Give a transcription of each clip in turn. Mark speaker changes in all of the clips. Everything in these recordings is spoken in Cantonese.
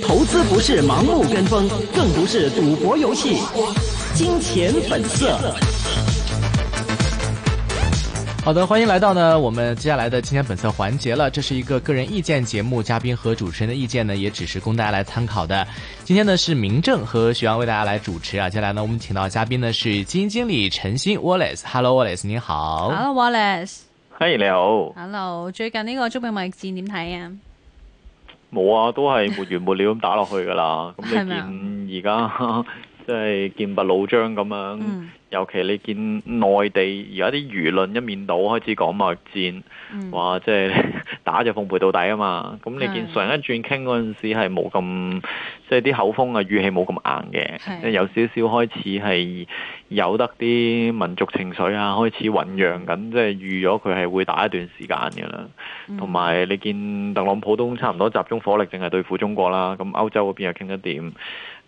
Speaker 1: 投資不是盲目跟風，更不是賭博遊戲。金錢本色。
Speaker 2: 好的，歡迎來到呢，我們接下來的金錢本色環節了。這是一個個人意見節目，嘉賓和主持人的意見呢，也只是供大家來參考的。今天呢是明正和徐陽為大家來主持啊。接下來呢，我們請到的嘉賓呢是基金經理陳昕 Wallace，Hello Wallace，你好。Hello
Speaker 1: Wallace。
Speaker 2: 嘿，Hi, 你好。
Speaker 1: Hello，最近呢個中美貿易戰點睇啊？
Speaker 2: 冇啊，都係沒完沒了咁打落去㗎喇。咁 你見而家？即係劍拔弩張咁樣，嗯、尤其你見內地而家啲輿論一面倒開始講貿戰，話即係打就奉陪到底啊嘛。咁你見上一轉傾嗰陣時係冇咁，即係啲口風啊語氣冇咁硬嘅，是有少少開始係有得啲民族情緒啊開始醖釀緊，即、就、係、是、預咗佢係會打一段時間嘅啦。同埋、嗯、你見特朗普都差唔多集中火力，淨係對付中國啦。咁歐洲嗰邊又傾得點？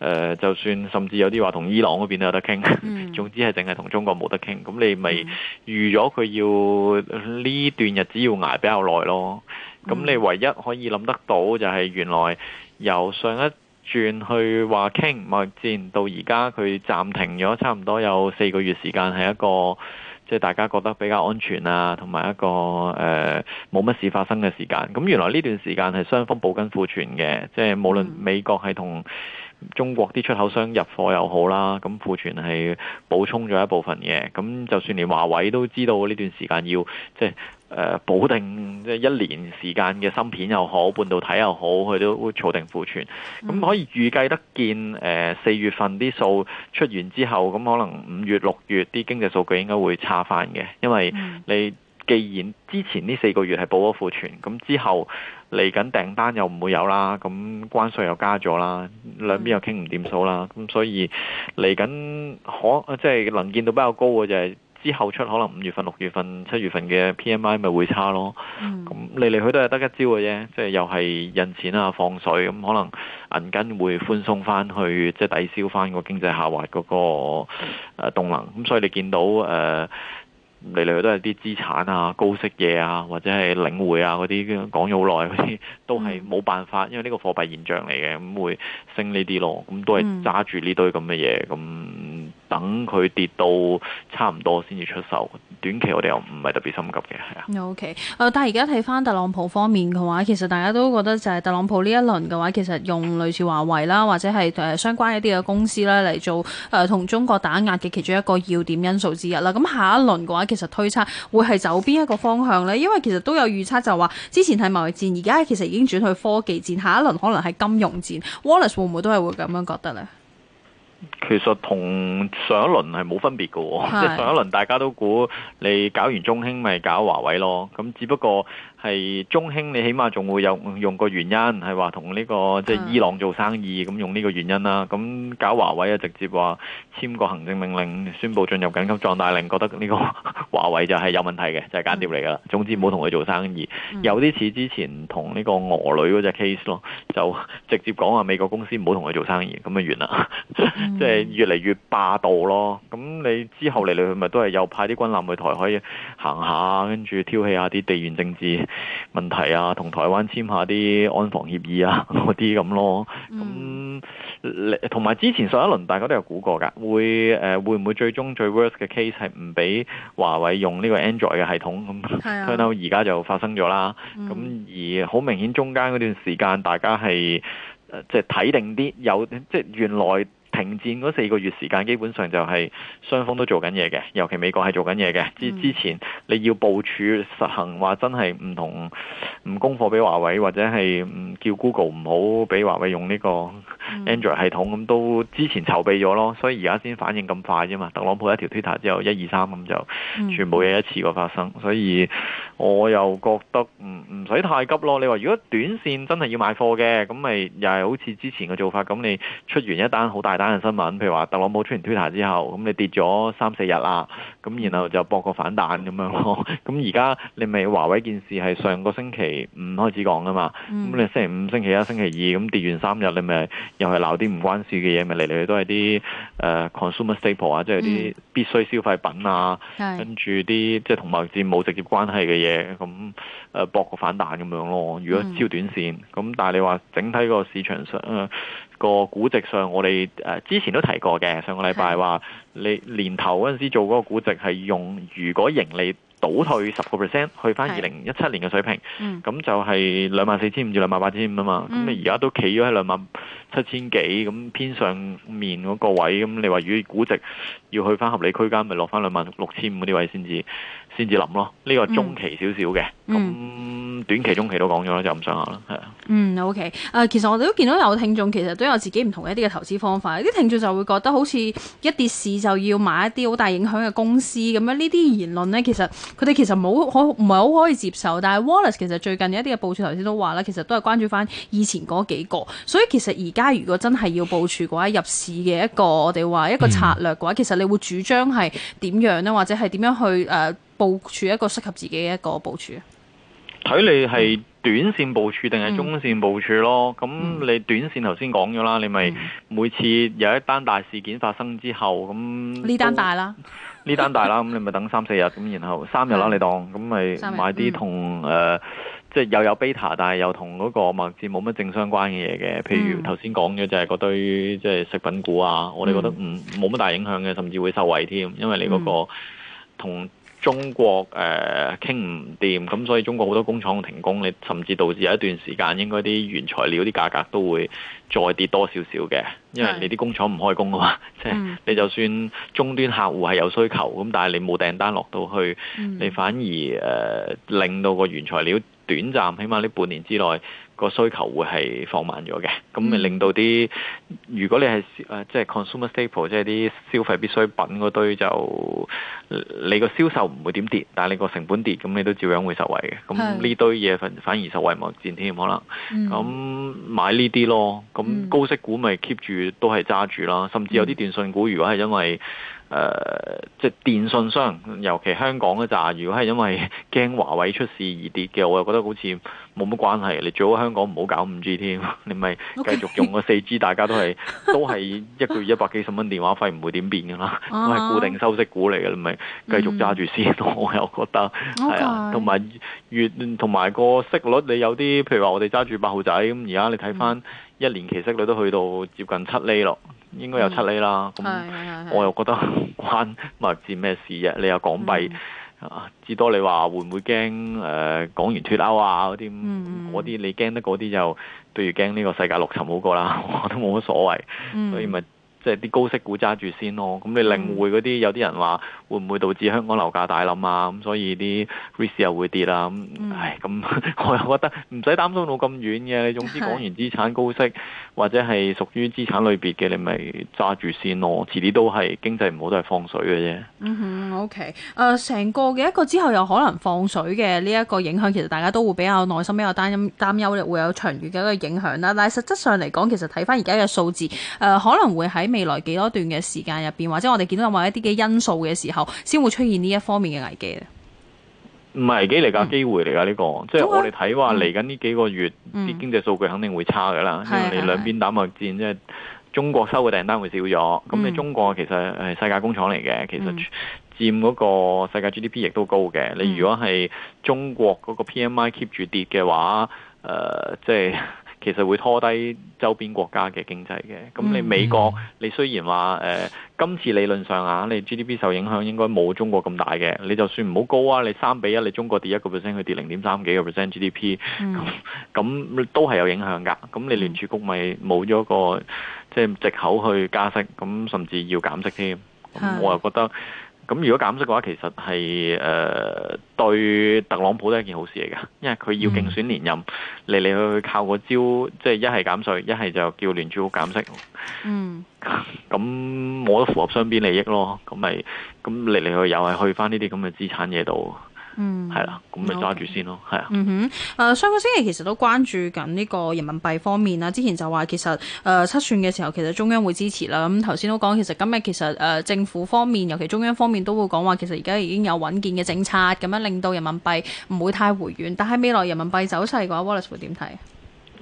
Speaker 2: 誒、呃，就算甚至有啲話同伊朗嗰邊都有得傾，嗯、總之係淨係同中國冇得傾。咁你咪預咗佢要呢段日子要挨比較耐咯。咁你唯一可以諗得到就係原來由上一轉去話傾貿易戰到而家佢暫停咗，差唔多有四個月時間係一個即係、就是、大家覺得比較安全啊，同埋一個誒冇乜事發生嘅時間。咁原來呢段時間係雙方保根庫存嘅，即、就、係、是、無論美國係同。嗯中國啲出口商入貨又好啦，咁庫存係補充咗一部分嘅。咁就算連華為都知道呢段時間要即係誒補定即係一年時間嘅芯片又好，半導體又好，佢都會儲定庫存。咁可以預計得見誒四月份啲數出完之後，咁可能五月六月啲經濟數據應該會差翻嘅，因為你。嗯既然之前呢四個月係補咗庫存，咁之後嚟緊訂單又唔會有啦，咁關稅又加咗啦，兩邊又傾唔掂數啦，咁、嗯、所以嚟緊可即係能見度比較高嘅就係之後出可能五月份、六月份、七月份嘅 PMI 咪會差咯。咁嚟嚟去都係得一招嘅啫，即係又係印錢啊、放水咁，可能銀根會寬鬆翻去，即係抵消翻個經濟下滑嗰個誒動能。咁、嗯、所以你見到誒。呃嚟嚟去都係啲資產啊、高息嘢啊，或者係領匯啊嗰啲講咗好耐嗰啲，都係冇辦法，因為呢個貨幣現象嚟嘅，咁會升呢啲咯，咁都係揸住呢堆咁嘅嘢咁。等佢跌到差唔多先至出售，短期我哋又唔係特別心急嘅，係
Speaker 1: 啊。Okay.，誒，但係而家睇翻特朗普方面嘅話，其實大家都覺得就係特朗普呢一輪嘅話，其實用類似華為啦，或者係誒相關一啲嘅公司啦嚟做誒同、呃、中國打壓嘅其中一個要點因素之一啦。咁、嗯、下一輪嘅話其實推測會係走邊一個方向咧？因為其實都有預測就話之前係貿易戰，而家其實已經轉去科技戰，下一輪可能係金融戰 Wallace 會唔會都係會咁樣覺得咧？
Speaker 2: 其實同上一輪係冇分別嘅喎，即係上一輪大家都估你搞完中興咪搞華為咯，咁只不過。係中興，你起碼仲會有用個原因，係話同呢個即係、就是、伊朗做生意咁、mm. 用呢個原因啦。咁搞華為啊，直接話簽個行政命令，宣布進入緊急狀態令，覺得呢、這個華為就係有問題嘅，就係間諜嚟噶啦。Mm. 總之唔好同佢做生意，mm. 有啲似之前同呢個俄女嗰隻 case 咯，就直接講話美國公司唔好同佢做生意，咁啊完啦，即 係越嚟越霸道咯。咁你之後嚟嚟去去咪都係又派啲軍艦去台海行下，跟住挑起下啲地緣政治。問題啊，同台灣簽下啲安防協議啊，嗰啲咁咯。咁同埋之前上一輪大家都有估過噶，會誒、呃、會唔會最終最 worst 嘅 case 係唔俾華為用呢個 Android 嘅系統咁？睇到而家就發生咗啦。咁而好明顯中間嗰段時間，大家係、呃、即係睇定啲有，即係原來。停戰嗰四個月時間基本上就係雙方都做緊嘢嘅，尤其美國係做緊嘢嘅。之之前你要部署實行話真係唔同唔供貨俾華為或者係唔叫 Google 唔好俾華為用呢個 Android 系統咁，嗯、都之前籌備咗咯。所以而家先反應咁快啫嘛。特朗普一條 Twitter 之後一二三咁就全部嘢一次過發生。嗯、所以我又覺得唔唔使太急咯。你話如果短線真係要買貨嘅，咁咪又係好似之前嘅做法，咁你出完一單好大單。新聞，譬如話特朗普出完 Twitter 之後，咁你跌咗三四日啦，咁然後就博個反彈咁樣咯。咁而家你咪華為件事係上個星期五開始講噶嘛，咁你星期五、星期一、星期二咁跌完三日，你咪又係鬧啲唔關事嘅嘢，咪嚟嚟去都係啲誒 consumer staple 啊，即係啲必需消費品啊，跟住啲即係同貿易戰冇直接關係嘅嘢，咁誒博個反彈咁樣咯。如果超短線，咁但係你話整體個市場上個估值上，我哋誒。之前都提過嘅，上個禮拜話你年頭嗰陣時做嗰個估值係用，如果盈利倒退十個 percent 去翻二零一七年嘅水平，咁的、嗯、就係兩萬四千五至兩萬八千五啊嘛。咁、嗯、你而家都企咗喺兩萬七千幾咁偏上面嗰個位，咁你話如果估值要去翻合理區間，咪落翻兩萬六千五啲位先至。先至諗咯，呢個中期少少嘅。
Speaker 1: 咁、
Speaker 2: 嗯、短期、中期都講咗啦，就唔上行啦，
Speaker 1: 係啊。嗯，OK。誒，其實我哋都見到有聽眾其實都有自己唔同一啲嘅投資方法。啲聽眾就會覺得好似一跌市就要買一啲好大影響嘅公司咁樣。呢啲言論呢，其實佢哋其實冇可唔係好可以接受。但係 Wallace 其實最近一啲嘅部署，頭先都話呢，其實都係關注翻以前嗰幾個。所以其實而家如果真係要部署嘅話，入市嘅一個我哋話一個策略嘅話，嗯、其實你會主張係點樣呢？或者係點樣去誒？呃部署一個適合自己嘅一個部署。
Speaker 2: 睇你係短線部署定係中線部署咯？咁、嗯、你短線頭先講咗啦，你咪每次有一單大事件發生之後咁，呢單大啦，呢單大啦，咁 你咪等三四日咁，然後三日啦，是你當咁咪天買啲同誒，即係又有 beta，但係又同嗰個物資冇乜正相關嘅嘢嘅，譬如頭先講咗就係嗰堆即係食品股啊，我哋覺得唔冇乜大影響嘅，甚至會受惠添，因為你嗰個同。跟 中國誒傾唔掂，咁、呃、所以中國好多工廠停工，你甚至導致有一段時間應該啲原材料啲價格都會再跌多少少嘅，因為你啲工廠唔開工啊嘛，即係的 你就算終端客戶係有需求，咁但係你冇訂單落到去，你反而誒、呃、令到個原材料短暫，起碼呢半年之內。個需求會係放慢咗嘅，咁咪令到啲如果你係誒、呃、即係 consumer staple，即係啲消費必需品嗰堆就你個銷售唔會點跌，但係你個成本跌，咁你都照樣會受惠嘅。咁呢堆嘢反而受惠望見添可能，咁、嗯、買呢啲咯。咁高息股咪 keep 住都係揸住啦，甚至有啲電訊股如果係因為。誒、呃，即係電信商，尤其香港咧就係，如果係因為驚華為出事而跌嘅，我又覺得好似冇乜關係。你最好香港唔好搞五 G 添，你咪繼續用個四 G，大家都係 Okay. 都係一個月一百幾十蚊電話費，唔會點變噶啦，都係固定收息股嚟嘅。你咪繼續揸住先。Mm. 我又覺得係 Okay. 啊，同埋月同埋個息率，你有啲譬如話我哋揸住八號仔咁，而家你睇翻一年期息率都去到接近七厘咯。應該有七厘啦，咁我又覺得關唔係至咩事啫。你有港幣，嗯啊、至多你話會唔會驚？誒、呃，港元脫鈎啊嗰啲，啲、嗯、你驚得嗰啲就，不如驚呢個世界陸沉好過啦。我都冇乜所謂，所以咪。嗯即係啲高息股揸住先咯，咁、嗯嗯、你聯匯嗰啲有啲人話會唔會導致香港樓價大冧啊？咁、嗯、所以啲 risk 又會跌啦、啊。咁、嗯嗯、唉，咁、嗯、 我又覺得唔使擔心到咁遠嘅。總之講完資產高息是或者係屬於資產類別嘅，你咪揸住先咯。遲啲都係經濟唔好都係放水嘅啫。嗯
Speaker 1: 哼，OK。誒、呃，成個嘅一個之後有可能放水嘅呢一個影響，其實大家都會比較耐心、比較擔心、擔憂會有長遠嘅一個影響啦。但係實質上嚟講，其實睇翻而家嘅數字，誒、呃、可能會喺未來幾多段嘅時間入邊，或者我哋見到有某一啲嘅因素嘅時候，先會出現呢一方面嘅危機咧？唔
Speaker 2: 係危機嚟噶，嗯、機會嚟噶呢個，嗯、即係我哋睇話嚟緊呢幾個月啲、嗯、經濟數據肯定會差噶啦，你、嗯、兩邊打貿易戰，即係、嗯、中國收嘅訂單會少咗。咁、嗯、你中國其實係世界工廠嚟嘅，嗯、其實佔嗰個世界 GDP 亦都高嘅。你、嗯、如果係中國嗰個 PMI keep 住跌嘅話，誒、呃、即、就、係、是。 其實會拖低周邊國家嘅經濟嘅，咁你美國、嗯、你雖然話誒、呃、今次理論上啊，你 GDP 受影響應該冇中國咁大嘅，你就算唔好高啊，你三比一你中國跌一個 percent，佢跌零點三幾個 percent GDP，咁咁都係有影響㗎。咁你聯儲局咪冇咗個即係、就是、藉口去加息，咁甚至要減息添，我又覺得。嗯嗯咁如果減息嘅話，其實係誒、呃、對特朗普都係件好事嚟嘅，因為佢要競選連任，嚟嚟去去靠個招，即係一係減稅，一係就叫聯儲局減息。嗯，咁冇得符合雙邊利益咯，咁咪咁嚟嚟去又係去翻呢啲咁嘅資產嘢度。嗯，係啦，咁咪揸住先咯，係啊。
Speaker 1: 嗯哼，誒、呃，上個星期其實都關注緊呢個人民幣方面啦。之前就話其實誒，七、呃、算嘅時候，其實中央會支持啦。咁頭先都講，其實今日其實誒、呃，政府方面，尤其中央方面都會講話，其實而家已經有穩健嘅政策，咁樣令到人民幣唔會太回軟。但係未來人民幣走勢嘅話，Wallace 會點睇？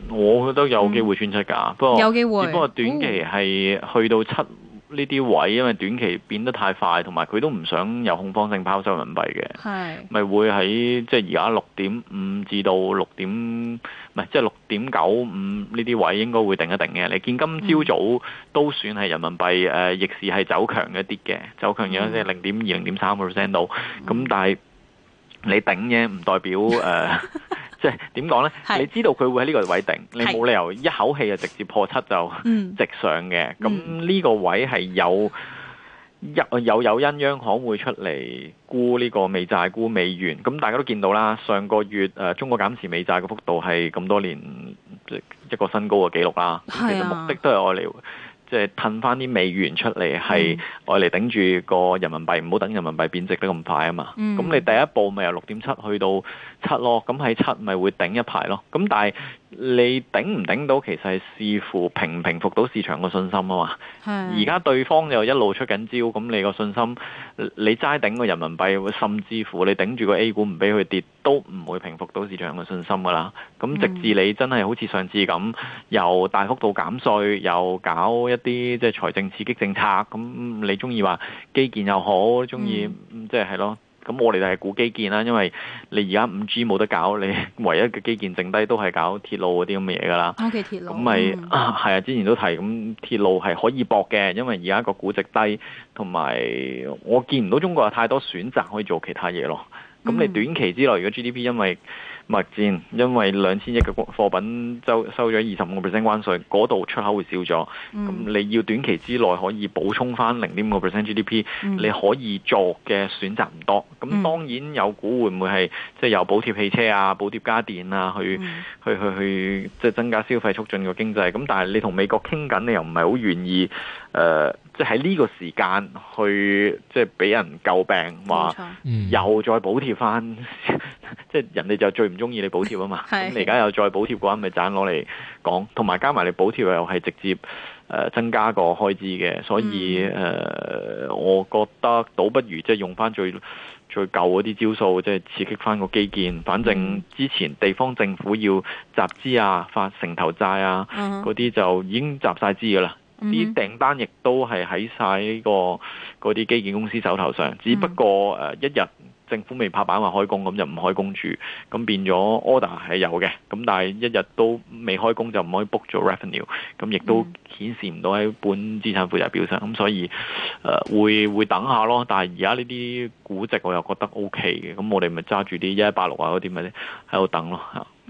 Speaker 2: 我覺得有機會穿七噶，嗯、不過有機會，不過短期係去到七。嗯呢啲位，因為短期變得太快，同埋佢都唔想有恐慌性拋售人民幣嘅，咪是會喺即係而家六點五至到六點，唔係即係六點九五呢啲位應該會定一定嘅。你見今朝早，早都算係人民幣誒、嗯呃、逆市係走強一啲嘅，走強咗即係零點二零點三個 percent 度，咁、嗯嗯、但係你頂嘅唔代表誒。呃 即係點講呢？ 你知道佢會喺呢個位定，是你冇理由一口氣就直接破七就直上嘅。咁呢、嗯、個位係有有有，有因央行會出嚟沽呢個美債，沽美元。咁大家都見到啦，上個月誒、呃、中國減持美債嘅幅度係咁多年一個新高嘅紀錄啦。啊、其實目的都係愛嚟即係褪翻啲美元出嚟，係愛嚟頂住個人民幣，唔好等人民幣貶值得咁快啊嘛。咁你第一步咪由六點七去到。七咯，咁喺七咪會頂一排咯。咁但係你頂唔頂到，其實係視乎平唔平復到市場個信心啊嘛。而家 對方又一路出緊招，咁你個信心，你齋頂個人民幣，甚至乎你頂住個 A 股唔俾佢跌，都唔會平復到市場嘅信心噶啦。咁直至你真係好似上次咁，又大幅度減稅，又搞一啲即係財政刺激政策，咁你中意話基建又好，中意、嗯、即係係咯。咁我哋就係估基建啦，因為你而家五 G 冇得搞，你唯一嘅基建剩低都係搞鐵路嗰啲咁嘅嘢噶啦。講、okay，鐵路，咁咪係啊？之前都提咁鐵路係可以搏嘅，因為而家個估值低，同埋我見唔到中國有太多選擇可以做其他嘢咯。
Speaker 1: 咁你短
Speaker 2: 期之內，如果 GDP 因為貿戰，因為兩千億嘅貨品收收咗二十五個 percent 關稅，嗰度出口會少咗。咁、嗯、你要短期之內可以補充翻零點五個 percent GDP，、嗯、你可以作嘅選擇唔多。咁當然有股會唔會係即係有補貼汽車啊、補貼家電啊，去、嗯、去去去即係增加消費、促進個經濟。咁但係你同美國傾緊，你又唔係好願意誒。呃即係喺呢個時間去，即係俾人詬病，話又再補貼翻，錯 即係人哋就最唔中意你補貼啊嘛。咁你而家又再補貼嗰陣，咪盞攞嚟講，同埋加埋你補貼又係直接誒增加個開支嘅，所以誒、嗯呃，我覺得倒不如即係用翻最最舊嗰啲招數，即係刺激翻個基建。反正之前地方政府要集資啊、發城投債啊嗰啲，嗯、哼就已經集晒資噶啦。啲訂、嗯、單亦都係喺晒呢個嗰啲基建公司手頭上，只不過誒、嗯呃、一日政府未拍板話開工，咁就唔開工住，咁變咗 order 係有嘅，咁但係一日都未開工就唔可以 book 咗 revenue，咁亦都顯示唔到喺本資產負債表上，咁所以誒、呃、會會等下咯。但係而家呢啲估值我又覺得 OK 嘅，咁我哋咪揸住啲一一八六啊嗰啲咪喺度等咯。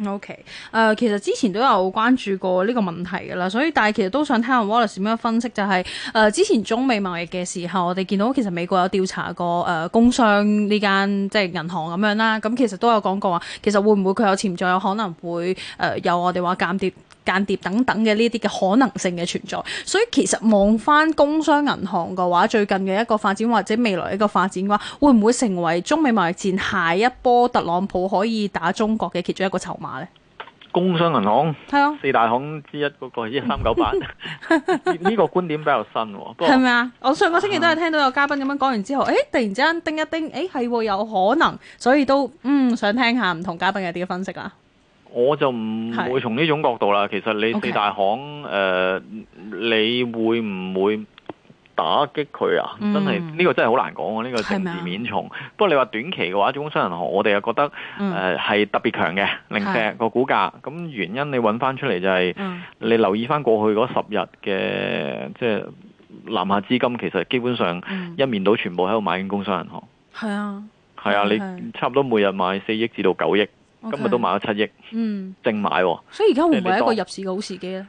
Speaker 1: OK，誒其實之前都有關注過呢個問題㗎啦，所以但係其實都想聽下 Wallace 點樣分析、就是，就係誒之前中美貿易嘅時候，我哋見到其實美國有調查過誒、呃、工商呢間即係銀行咁樣啦，咁、嗯、其實都有講過話，其實會唔會佢有潛在有可能會誒、呃、有我哋話減跌，間諜等等嘅呢啲嘅可能性嘅存在，所以其實望翻工商銀行嘅話，最近嘅一個發展或者未來一個發展嘅話，會唔會成為中美貿易戰下一波特朗普可以打中國嘅其中一個籌碼呢？
Speaker 2: 工商銀行係啊，四大行之一嗰個一三九八，呢個觀點比較新喎。係
Speaker 1: 咪啊？我上個星期都係聽到有嘉賓咁樣講完之後，誒、哎，突然之間叮一叮，誒、哎，係、啊、會有可能，所以都嗯想聽下唔同嘉賓嘅啲分析啊。
Speaker 2: 我就唔會從呢種角度啦。其實你四大行誒 Okay.、呃，你會唔會打擊佢啊？嗯、真係呢、這個真係好難講啊！呢、這個政治面重，嗎不過你話短期嘅話，工商銀行我哋又覺得誒係、呃、特別強嘅零舍的個股價。咁原因你揾翻出嚟就係、是嗯、你留意翻過去嗰十日嘅，即、就、係、是、南下資金其實基本上一面到全部喺度買緊工商銀行。係啊，係啊，你差唔多每日買四億至到九億。今日都買咗七億，淨、嗯、買喎、哦，所以而家會唔會係一個入
Speaker 1: 市嘅好時機咧？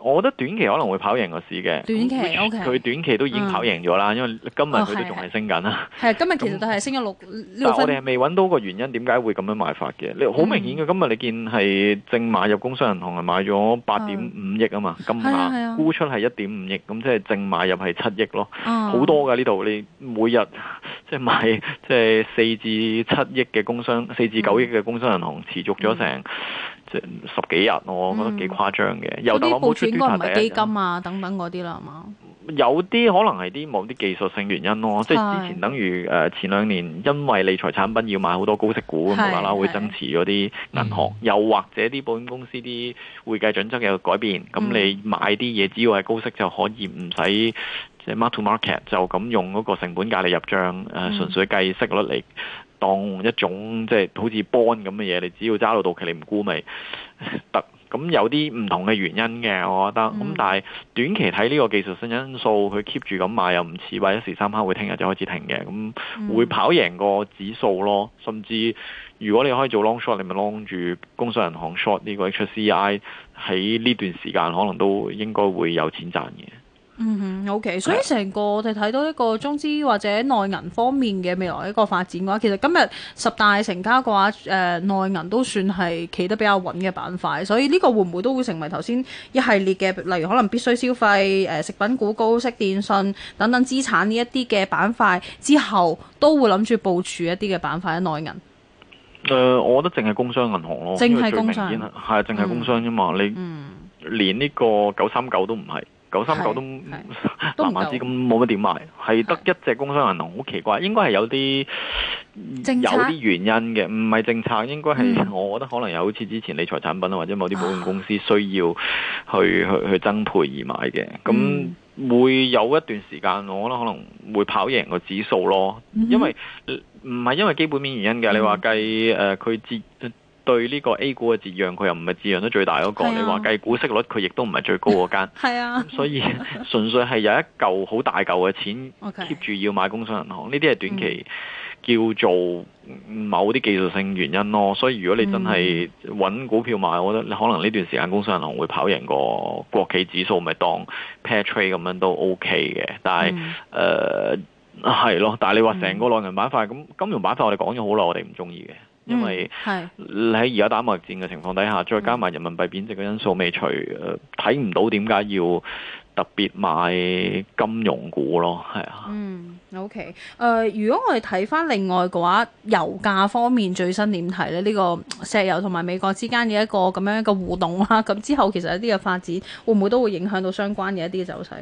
Speaker 2: 我覺得短期可能會跑贏個市嘅，短期 O.K. 佢短期都已經跑贏咗啦，因為今日佢都仲係升緊啦。
Speaker 1: 係今日其實係升咗六六分。但係我哋
Speaker 2: 係未揾到個原因點解會咁樣買法嘅。你好明顯嘅，今日你見係淨買入工商銀行係買咗八點五億啊嘛，金下沽出係一點五億，咁即係淨買入係七億咯。好多㗎，呢度你每日即係買即係四至七億嘅工商，四至九億嘅工商銀行持續咗成即十幾日，我覺得幾誇張嘅。有應該唔係基金
Speaker 1: 啊，嗯、等等嗰啲啦，係嘛？
Speaker 2: 有啲可能係啲某啲技術性原因咯，是即係之前等於誒前兩年因為理財產品要買好多高息股咁無啦啦，會增持嗰啲銀行，嗯、又或者啲保險公司啲會計準則有改變，咁、嗯、你買啲嘢只要係高息就可以唔使即係 mark to market 就咁用嗰個成本價嚟入帳，誒、嗯、純粹計息率嚟當一種即係、就是、好似 bond 咁嘅嘢，你只要揸到到期你唔沽咪得。 咁有啲唔同嘅原因嘅，我覺得。咁、嗯、但係短期睇呢個技術性因素，佢 keep 住咁買又唔似話一時三刻會聽日就開始停嘅。咁會跑贏個指數咯，甚至如果你可以做 long short，你咪 long 住工商銀行 short 呢個 HCI 喺呢段時間，可能都應該會有錢賺嘅。
Speaker 1: 嗯哼，OK，所以成個我哋睇到一個中資或者內銀方面嘅未來一個發展嘅話，其實今日十大成交嘅話，誒內銀都算係企得比較穩嘅板塊，所以呢個會唔會都會成為頭先一系列嘅，例如可能必需消費、誒、呃、食品股、高息電信等等資產呢一啲嘅板塊之後，都會諗住部署一啲嘅板塊喺內銀。
Speaker 2: 誒、呃，我覺得淨係工商銀行咯，淨係工商，係淨係工商啫嘛，你、嗯、連呢個九三九都唔係。九三九都難買知咁冇乜點買，係得、嗯、一隻工商銀行，好奇怪，應該係有啲策有啲原因嘅，唔係政策，應該係我覺得可能有好似之前理財產品或者某啲保險公司需要去去、啊、去增配而買嘅，咁會有一段時間，我覺得可能會跑贏個指數咯，因為唔係、嗯、哼因為基本面原因嘅，嗯、你話計佢接。呃對呢個 A 股嘅折讓，佢又唔係折讓得最大嗰個。啊、你話計股息率，佢亦都唔係最高嗰間。
Speaker 1: 啊，所以
Speaker 2: 純粹係有一嚿好大嚿嘅錢 keep Okay .住要買工商銀行。呢啲係短期叫做某啲技術性原因咯。所以如果你真係揾股票買，嗯、我覺得你可能呢段時間工商銀行會跑贏個國企指數，咪當 pair trade 咁樣都 OK 嘅。但係誒係咯，但係你話成個內銀板塊咁、嗯、金融板塊我，我哋講咗好耐，我哋唔中意嘅。
Speaker 1: 因為你
Speaker 2: 喺而家打貿易戰嘅情況底下，再加埋人民幣貶值嘅因素未除，呃、睇唔到點解要特別買金融股咯，係啊。嗯
Speaker 1: ，OK。誒、呃，如果我哋睇翻另外嘅話，油價方面最新點睇咧？呢、呢個石油同埋美國之間嘅一個咁樣一個互動啦，咁 之後其實一啲嘅發展會唔會都會影響到相關嘅一啲嘅走勢？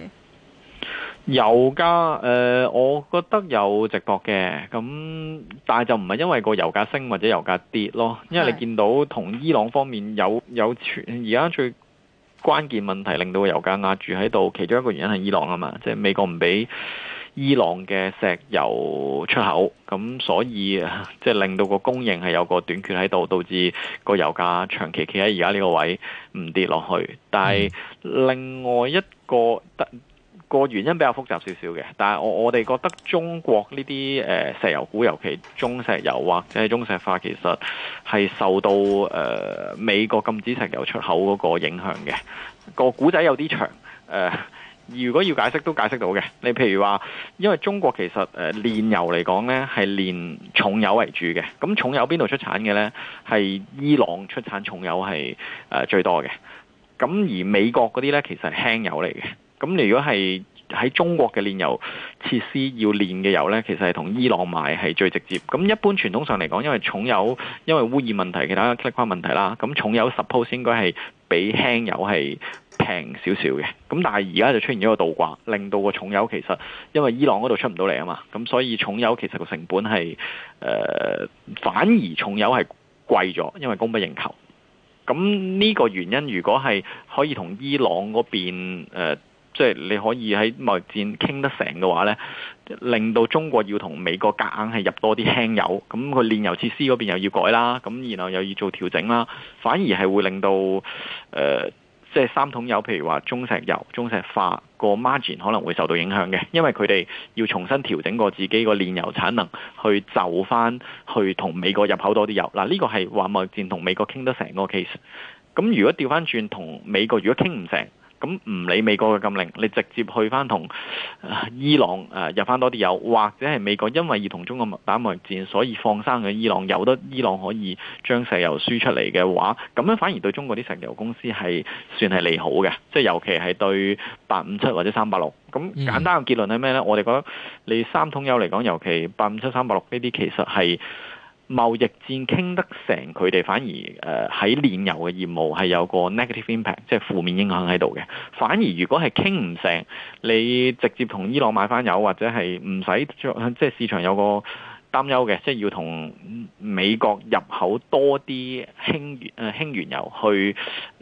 Speaker 2: 油價，誒、呃，我覺得有直覺嘅，咁，但係就唔係因為個油價升或者油價跌咯，因為你見到同伊朗方面有有傳，而家最關鍵問題令到個油價壓住喺度，其中一個原因係伊朗啊嘛，即、就、係、是、美國唔俾伊朗嘅石油出口，咁所以即係、就是、令到個供應係有個短缺喺度，導致個油價長期企喺而家呢個位唔跌落去，但係另外一個。嗯個原因比較複雜少少嘅，但係我我哋覺得中國呢啲誒石油股，尤其中石油或者中石化，其實係受到誒、呃、美國禁止石油出口嗰個影響嘅。個古仔有啲長，誒、呃、如果要解釋都解釋到嘅。你譬如話，因為中國其實誒煉油嚟講呢，係煉重油為主嘅。咁重油邊度出產嘅呢？係伊朗出產重油係誒、呃、最多嘅。咁而美國嗰啲呢，其實係輕油嚟嘅。咁、嗯、如果係喺中國嘅煉油設施要煉嘅油呢，其實係同伊朗買係最直接。咁、嗯、一般傳統上嚟講，因為重油因為污染問題、其他相關問題啦，咁、嗯、重油 suppose 應該係比輕油係平少少嘅。咁、嗯、但係而家就出現咗個倒掛，令到個重油其實因為伊朗嗰度出唔到嚟啊嘛，咁、嗯、所以重油其實個成本係誒、呃、反而重油係貴咗，因為供不應求。咁、嗯、呢、這個原因如果係可以同伊朗嗰邊誒，呃即係你可以喺貿易戰傾得成嘅話呢，令到中國要同美國夾硬係入多啲輕油，咁佢煉油設施嗰邊又要改啦，咁然後又要做調整啦，反而係會令到、呃、即係三桶油，譬如話中石油、中石化個 margin 可能會受到影響嘅，因為佢哋要重新調整過自己個煉油產能，去就翻去同美國入口多啲油。嗱，呢個係話貿易戰同美國傾得成個 case。咁如果調翻轉同美國，如果傾唔成。咁唔理美國嘅禁令，你直接去翻同伊朗誒、呃、入翻多啲油，或者係美國因為而同中國打貿易戰，所以放生咗伊朗有得伊朗可以將石油輸出嚟嘅話，咁樣反而對中國啲石油公司係算係利好嘅，即係尤其係對八五七或者三八六。咁、嗯、簡單嘅結論係咩呢？我哋覺得你三桶油嚟講，尤其八五七、三八六呢啲其實係。貿易戰傾得成，佢哋反而誒喺、呃、煉油嘅業務係有個 negative impact，即係負面影響喺度嘅。反而如果係傾唔成，你直接同伊朗買翻油，或者係唔使，即係市場有個擔憂嘅，即係要同美國入口多啲輕誒、呃、輕原油去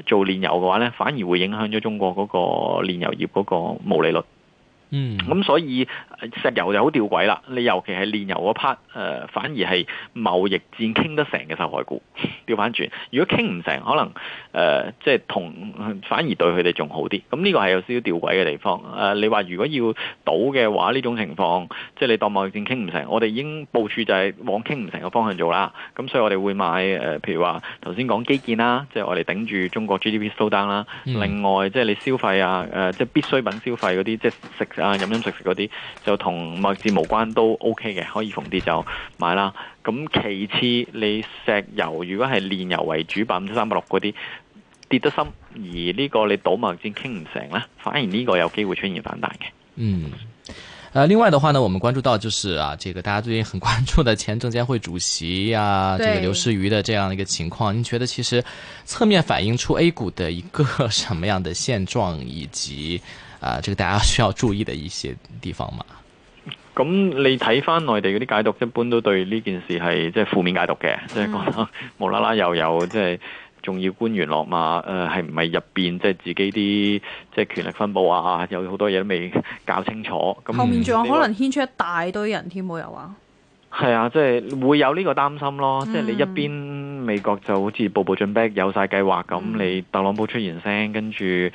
Speaker 2: 做煉油嘅話呢，反而會影響咗中國嗰個煉油業嗰個毛利率。嗯，咁、嗯、所以石油就好吊詭啦。你尤其係煉油嗰 part，誒反而係貿易戰傾得成嘅受害股，調翻轉，如果傾唔成，可能誒、呃、即係同反而對佢哋仲好啲。咁呢個係有少少吊詭嘅地方。誒、呃，你話如果要賭嘅話呢種情況，即係你當貿易戰傾唔成，我哋已經部署就係往傾唔成嘅方向做啦。咁、嗯、所以我哋會買誒、呃、譬如話頭先講基建啦，即係我哋頂住中國 GDP slow down 啦。另外即係你消費啊，誒、呃、即係必需品消費嗰啲，即係食。啊！飲飲食食嗰啲就同貿易戰無關，都 OK 嘅，可以逢跌就買啦。咁其次，你石油如果係煉油為主，百分之三百六嗰啲跌得深，而呢個你賭貿易戰傾唔成啦，反而呢個有機會出現反彈嘅。嗯、呃。另外的話呢，我們關注到就是啊，這個大家最近很關注的前證監會主席啊，對這個劉士餘的這樣的一個情況，您覺得其實側面反映出 A 股的一個什麼樣的現狀以及？啊、呃，這個大家需要注意嘅一些地方嘛。咁你睇翻內地嗰啲解讀，一般都對呢件事係即係負面解讀嘅，即係覺得無啦啦又有即係重要官員落馬，誒係唔係入邊即係自己啲即係權力分佈啊？有好多嘢都未搞清楚，咁後面仲有可能
Speaker 1: 牽出一大堆人添，冇有，有啊？
Speaker 2: 係啊，即係會有呢個擔心咯。嗯、即係你一邊美國就好似步步進逼，有晒計劃咁，嗯、你特朗普出現聲，跟住誒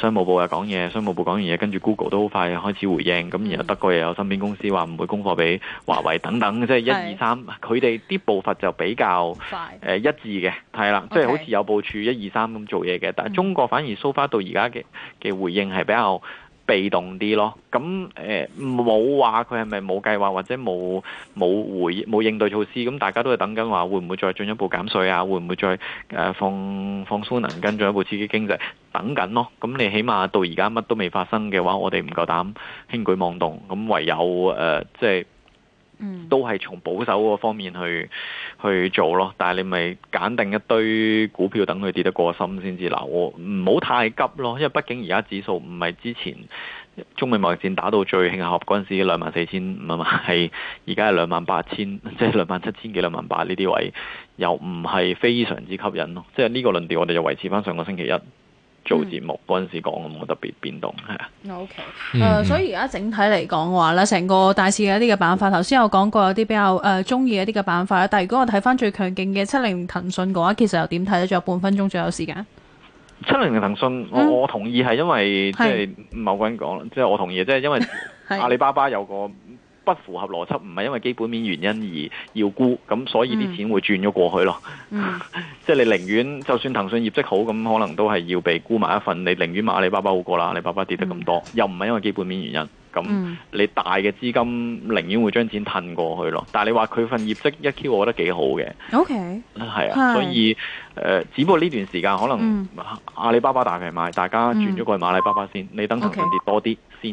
Speaker 2: 商務部又講嘢，商務部講完嘢，跟住 Google 都好快開始回應，咁、嗯、然後德國又有芯片公司話唔會供貨俾華為等等，嗯、即係一二三，佢哋啲步伐就比較快誒、呃、一致嘅，係啦，即係好似有部署一二三咁做嘢嘅，但係中國反而 so far 到而家嘅嘅回應係比較。被動啲咯，咁誒冇話佢係咪冇計劃或者冇冇回冇應對措施，咁、嗯、大家都係等緊話會唔會再進一步減稅啊？會唔會再、誒、啊、放放鬆能跟進一步刺激經濟？等緊咯，咁、嗯、你起碼到而家乜都未發生嘅話，我哋唔夠膽輕舉妄動，咁、嗯、唯有誒、呃、即係。嗯、都係從保守嗰方面去去做咯，但係你咪揀定一堆股票等佢跌得過深先至，嗱我唔好太急咯，因為畢竟而家指數唔係之前中美貿易戰打到最慶合嗰陣時兩萬四千五啊嘛，係而家係兩萬八千，即係兩萬七千幾兩萬八呢啲位，又唔係非常之吸引咯，即係呢個論調我哋就維持翻上個星期一。做節目嗰陣、嗯、時講冇特別變動係
Speaker 1: 啊。O K，誒，Okay. 嗯 uh, 所以而家整體嚟講嘅話咧，成個大市嘅一啲嘅板塊，頭先有講過有啲比較誒中意一啲嘅板塊，但係如果我睇翻最強勁嘅七零騰訊嘅話，其實又點睇咧？仲有半分鐘，左右時間。
Speaker 2: 七零騰訊，我我同意係因為即係、嗯、某個人講，即係的我同意，即、就、係、是、因為阿里巴巴有個。 不符合邏輯，唔係因為基本面原因而要沽，咁所以啲錢會轉咗過去咯。Mm. 即係你寧願就算騰訊業績好，咁可能都係要被沽埋一份。你寧願買阿里巴巴好過啦，阿里巴巴跌得咁多，mm. 又唔係因為基本面原因。咁你大嘅資金寧願會將錢褪過去咯。但係你話佢份業績一 Q，我覺得幾好嘅。O K，係啊，是所以、呃、只不過呢段時間可能阿里巴巴大平賣，大家轉咗過去買阿里巴巴先。Mm. 你等騰訊跌多啲 Okay. 先。